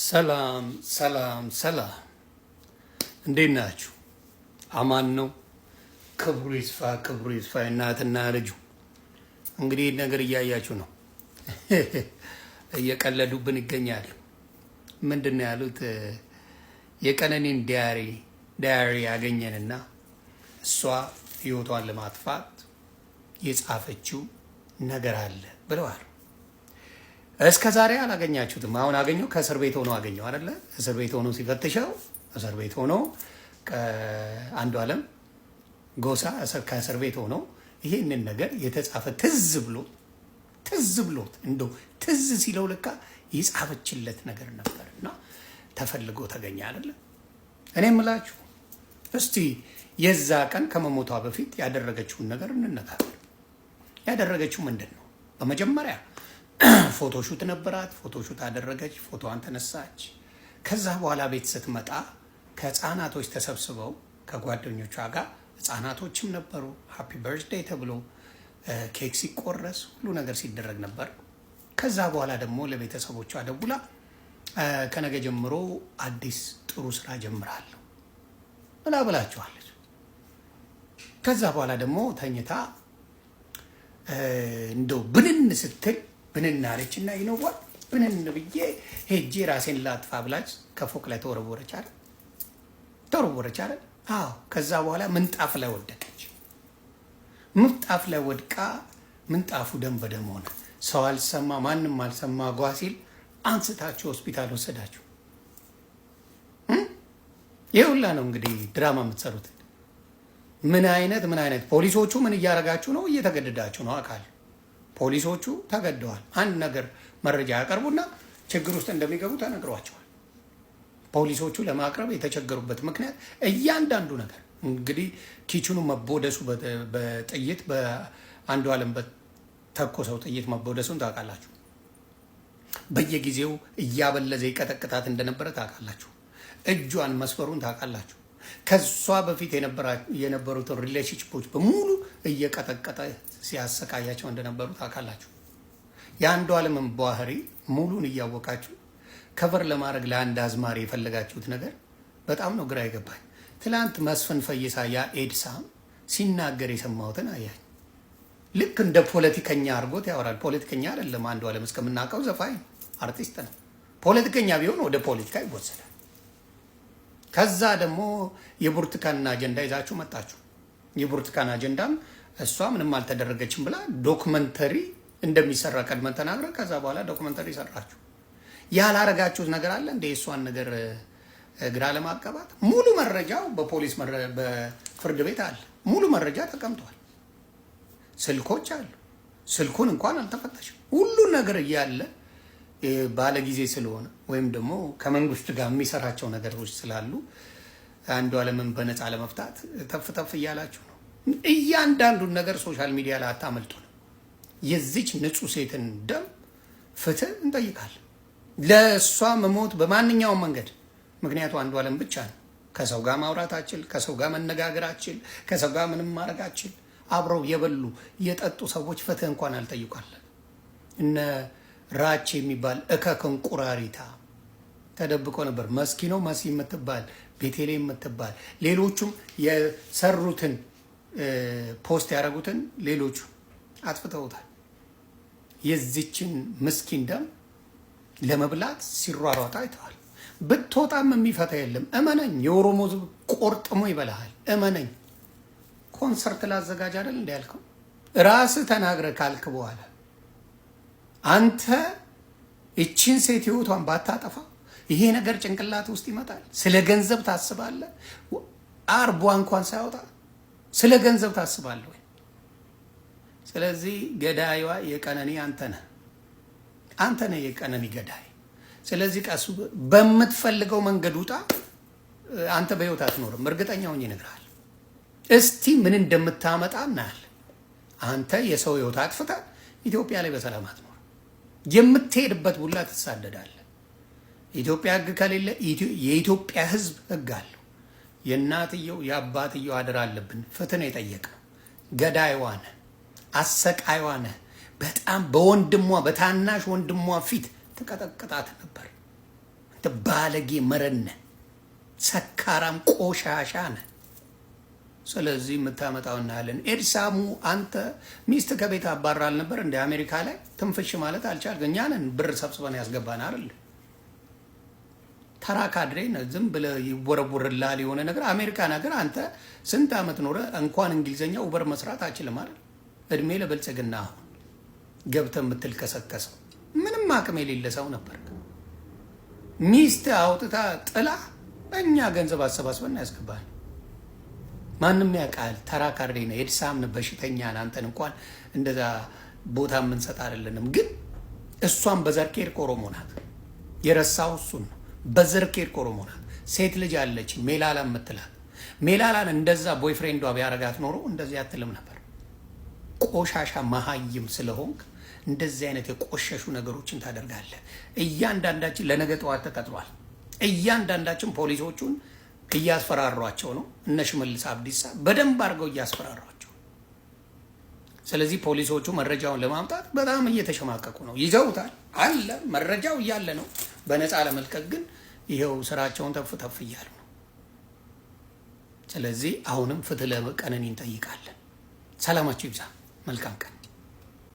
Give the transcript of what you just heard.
ሰላም ሰላም ሰላም፣ እንዴት ናችሁ? አማን ነው። ክብሩ ይስፋ፣ ክብሩ ይስፋ። እናትና ልጁ እንግዲህ ነገር እያያችሁ ነው። እየቀለዱብን ይገኛሉ። ምንድን ነው ያሉት? የቀነኔን ዲያሪ ዳያሪ ያገኘንና እሷ ህይወቷን ለማጥፋት የጻፈችው ነገር አለ ብለዋል። እስከ ዛሬ አላገኛችሁትም። አሁን አገኘው። ከእስር ቤት ሆኖ አገኘው አይደለ? እስር ቤት ሆኖ ሲፈትሸው እስር ቤት ሆኖ አንዱ አለም ጎሳ ከእስር ቤት ሆኖ ይሄንን ነገር የተጻፈ ትዝ ብሎ ትዝ ብሎት እንዶ ትዝ ሲለው ልካ የጻፈችለት ነገር ነበር እና ተፈልጎ ተገኘ አይደለ? እኔ ምላችሁ እስቲ የዛ ቀን ከመሞቷ በፊት ያደረገችውን ነገር እንነጋገር። ያደረገችው ምንድን ነው? በመጀመሪያ ፎቶሹት ነበራት። ፎቶሹት አደረገች፣ ፎቶዋን ተነሳች። ከዛ በኋላ ቤት ስትመጣ ከህፃናቶች ተሰብስበው ከጓደኞቿ ጋር ህፃናቶችም ነበሩ። ሃፒ በርዝዴይ ተብሎ ኬክ ሲቆረስ ሁሉ ነገር ሲደረግ ነበር። ከዛ በኋላ ደግሞ ለቤተሰቦቿ ደውላ ከነገ ጀምሮ አዲስ ጥሩ ስራ ጀምራለሁ ብላ ብላችኋለች። ከዛ በኋላ ደግሞ ተኝታ እንደው ብንን ስትል ብንን እና ይኖቧል ብንን ብዬ ሄጄ ራሴን ላጥፋ ብላች ከፎቅ ላይ ተወረወረች አለ ተወረወረች አለ። አዎ። ከዛ በኋላ ምንጣፍ ላይ ወደቀች። ምንጣፍ ላይ ወድቃ ምንጣፉ ደም በደም ሆነ። ሰው አልሰማ፣ ማንም አልሰማ ጓ ሲል አንስታችሁ ሆስፒታል ወሰዳችሁ። ይህ ሁላ ነው እንግዲህ ድራማ የምትሰሩት። ምን አይነት ምን አይነት ፖሊሶቹ ምን እያደረጋችሁ ነው? እየተገደዳችሁ ነው አካል ፖሊሶቹ ተገደዋል። አንድ ነገር መረጃ ያቀርቡና ችግር ውስጥ እንደሚገቡ ተነግሯቸዋል። ፖሊሶቹ ለማቅረብ የተቸገሩበት ምክንያት እያንዳንዱ ነገር እንግዲህ ኪችኑ መቦደሱ በጥይት በአንዱ አለም በተኮሰው ጥይት መቦደሱን ታውቃላችሁ። በየጊዜው እያበለዘ ይቀጠቅጣት እንደነበረ ታውቃላችሁ። እጇን መስፈሩን ታውቃላችሁ። ከሷ በፊት የነበሩትን ሪሌሽንሽፖች በሙሉ እየቀጠቀጠ ሲያሰቃያቸው እንደነበሩ ታውቃላችሁ። የአንዱ ዓለምን ባህሪ ሙሉን እያወቃችሁ ከቨር ለማድረግ ለአንድ አዝማሪ የፈለጋችሁት ነገር በጣም ነው ግራ የገባኝ። ትላንት መስፍን ፈይሳ ያ ኤድሳም ሲናገር የሰማሁትን አያኝ ልክ እንደ ፖለቲከኛ አድርጎት ያወራል። ፖለቲከኛ አይደለም አንዱ ዓለም እስከምናውቀው ዘፋኝ አርቲስት ነው። ፖለቲከኛ ቢሆን ወደ ፖለቲካ ይወሰዳል። ከዛ ደግሞ የብርቱካንን አጀንዳ ይዛችሁ መጣችሁ። የብርቱካን አጀንዳም እሷ ምንም አልተደረገችም ብላ ዶክመንተሪ እንደሚሰራ ቀድመ ተናግረ ከዛ በኋላ ዶክመንተሪ ሰራችሁ። ያላረጋችሁት ነገር አለ እንደ የእሷን ነገር ግራ ለማቀባት ሙሉ መረጃው በፖሊስ በፍርድ ቤት አለ። ሙሉ መረጃ ተቀምጧል። ስልኮች አሉ። ስልኩን እንኳን አልተፈተሽም። ሁሉ ነገር እያለ ባለ ጊዜ ስለሆነ ወይም ደግሞ ከመንግስት ጋር የሚሰራቸው ነገሮች ስላሉ አንዱ ዓለምን በነፃ ለመፍታት ተፍ ተፍ እያላችሁ ነው። እያንዳንዱን ነገር ሶሻል ሚዲያ ላይ አታመልጡ ነው። የዚች ንጹህ ሴትን ደም ፍትህ እንጠይቃለን። ለእሷ መሞት በማንኛውም መንገድ ምክንያቱ አንዱ ዓለም ብቻ ነው። ከሰው ጋር አችል፣ ከሰው ጋር አችል፣ ከሰው ጋር ምንም አችል። አብረው የበሉ የጠጡ ሰዎች ፍትህ እንኳን አልጠይቋለን። እነ ራች የሚባል እከክ እንቁራሪታ ተደብቆ ነበር መስኪኖ መሲ የምትባል ቤቴሌ የምትባል ሌሎቹም የሰሩትን ፖስት ያደረጉትን ሌሎቹ አጥፍተውታል። የዚችን ምስኪን ደም ለመብላት ሲሯሯጣ አይተዋል። ብትወጣም የሚፈታ የለም። እመነኝ፣ የኦሮሞ ሕዝብ ቆርጥሞ ይበላሃል። እመነኝ። ኮንሰርት ላዘጋጅ አይደል እንዲ ያልከው ራስህ ካልክ በኋላ አንተ እቺን ሴት ህይወቷን ባታጠፋ ይሄ ነገር ጭንቅላት ውስጥ ይመጣል። ስለ ገንዘብ ታስባለህ። አርቧ እንኳን ሳይወጣ ስለ ገንዘብ ታስባለህ ወይ? ስለዚህ ገዳይዋ የቀነኒ አንተ ነህ፣ አንተ ነህ የቀነኒ ገዳይ። ስለዚህ ቀሱ በምትፈልገው መንገድ ውጣ። አንተ በህይወት አትኖርም። እርግጠኛ ሆኜ እነግርሃለሁ። እስቲ ምን እንደምታመጣ እናያለን። አንተ የሰው ህይወት አጥፍታ ኢትዮጵያ ላይ በሰላም አትኖርም። የምትሄድበት ቡላ ትሳደዳለህ። ኢትዮጵያ ህግ ከሌለ የኢትዮጵያ ህዝብ ህግ አለው። የእናትየው የአባትየው አደራ አለብን። ፍትህ ነው የጠየቅነው። ገዳይዋ ነህ፣ አሰቃይዋ ነህ። በጣም በወንድሟ በታናሽ ወንድሟ ፊት ተቀጠቅጣት ነበር። አንተ ባለጌ መረነ፣ ሰካራም ቆሻሻ ነህ። ስለዚህ የምታመጣው እናያለን። ኤድሳሙ አንተ ሚስት ከቤት አባራል ነበር እንደ አሜሪካ ላይ ትንፍሽ ማለት አልቻልክ። እኛንን ብር ሰብስበን ያስገባን አይደል ተራ ካድሬ ዝም ብለህ ይወረወርልሃል የሆነ ነገር። አሜሪካን ሀገር አንተ ስንት ዓመት ኖረ እንኳን እንግሊዝኛ ኡበር መስራት አችልም አይደል? እድሜ ለበልጽግና አሁን ገብተህ የምትልከሰከሰው ምንም አቅም የሌለ ሰው ነበር። ሚስት አውጥታ ጥላ እኛ ገንዘብ አሰባስበን ያስገባል። ማንም ያውቃል። ተራ ካድሬ ነው፣ የድሳምን በሽተኛ አንተን እንኳን እንደዛ ቦታ የምንሰጥ አይደለንም። ግን እሷን በዘርኬር ኬር ኦሮሞ ናት። የረሳው እሱን ነው። በዘርኬር ኦሮሞ ሴት ልጅ አለች ሜላላ የምትላት ሜላላን እንደዛ ቦይፍሬንዷ ቢያረጋት ኖሮ እንደዚህ አትልም ነበር። ቆሻሻ መሀይም ስለሆንክ እንደዚህ አይነት የቆሸሹ ነገሮችን ታደርጋለህ። እያንዳንዳችን ለነገ ጠዋት ተቀጥሯል። እያንዳንዳችን ፖሊሶቹን እያስፈራሯቸው ነው። እነ ሽመልስ አብዲሳ በደንብ አድርገው እያስፈራሯቸው። ስለዚህ ፖሊሶቹ መረጃውን ለማምጣት በጣም እየተሸማቀቁ ነው። ይዘውታል አለ መረጃው እያለ ነው በነፃ ለመልቀቅ ግን ይኸው ስራቸውን ተፍ ተፍ እያሉ ነው። ስለዚህ አሁንም ፍትህ ለቀነኒ እንጠይቃለን። ሰላማችሁ ይብዛ። መልካም ቀን